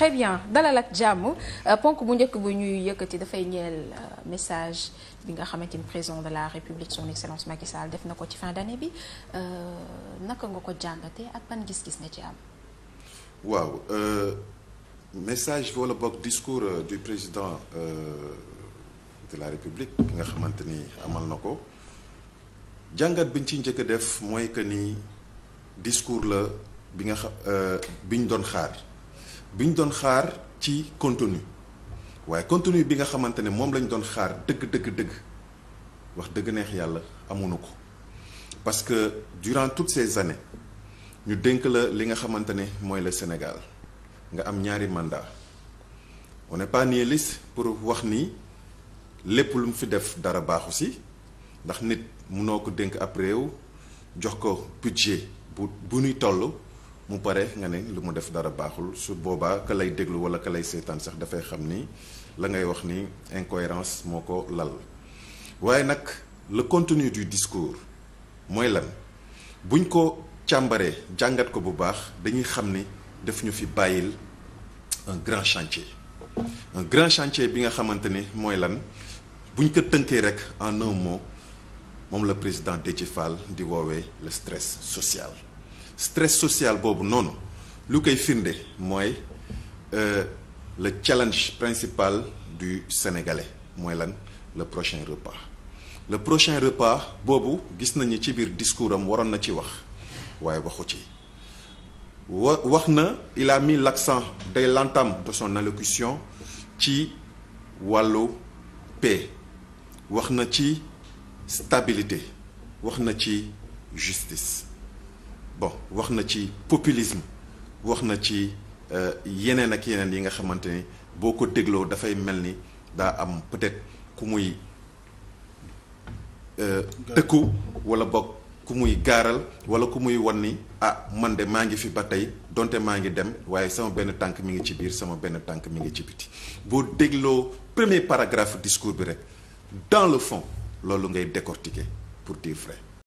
très bien dalal ak jàmm euh, ponk bu njëkk bu ñuy yëkkati dafay ñeel euh, message bi nga xamante ni président de la république son excellence Macky def na ko ci fin d'année bi euh, naka nga ko jàngate ak ban nga ci am. waaw message wala boog discours du président de la république bi nga xamante ni amal na ko jàngat bi ñu ci njëkk a def mooy que ni discours la bi nga xam bi ñu doon xaar. bi ñu doon xaar ci contenu waaye contenu bi nga xamante ne moom lañ doon xaar dëgg dëgg dëgg wax dëgg neex yàlla amuñu ko parce que durant toutes ces années ñu dénk la li nga xamante ne mooy le Sénégal nga am ñaari mandat on n'est pour wax ni lépp lu mu fi def dara baaxu si ndax nit munoo ko dénk ab réew jox ko budget bu bu ñuy toll mu pare nga ne lu mu def dara baaxul su boobaa ka lay déglu wala ka lay seetaan sax dafay xam ni la ngay wax ni incohérence moo ko lal waaye nag le contenu du discours mooy lan buñ ko càmbaree jàngat ko bu baax dañuy xam ni daf ñu fi bàyyil un grand chantier un grand chantier bi nga xamante ni mooy lan buñ ko tënkee rek en un moom la président Déthié Fall di woowee le stress social stress social boobu noonu lu koy firnde mooy euh, le challenge principal du sénégalais mooy lan le prochain repas le prochain repas boobu gis nañu ci biir discours am waroon na ci wax waaye waxu ci wax na il a mis l'accent dès l'entame de son allocution ci wàllu paix wax na ci stabilité wax na ci justice bon wax na ci populisme wax na ci euh, yeneen ak yeneen yi nga xamante ni boo ko dégloo dafay mel ni daa am peut-être ku muy euh, tëkku wala bokk ku muy gaaral wala ku muy wan ni ah man de maa ngi fi ba tey donte maa ngi dem waaye sama benn tànk mi ngi ci biir sama benn tànk mi ngi ci biti boo dégloo premier paragraphe discours bi rek dans le fond loolu ngay décortiquer pour dire vrai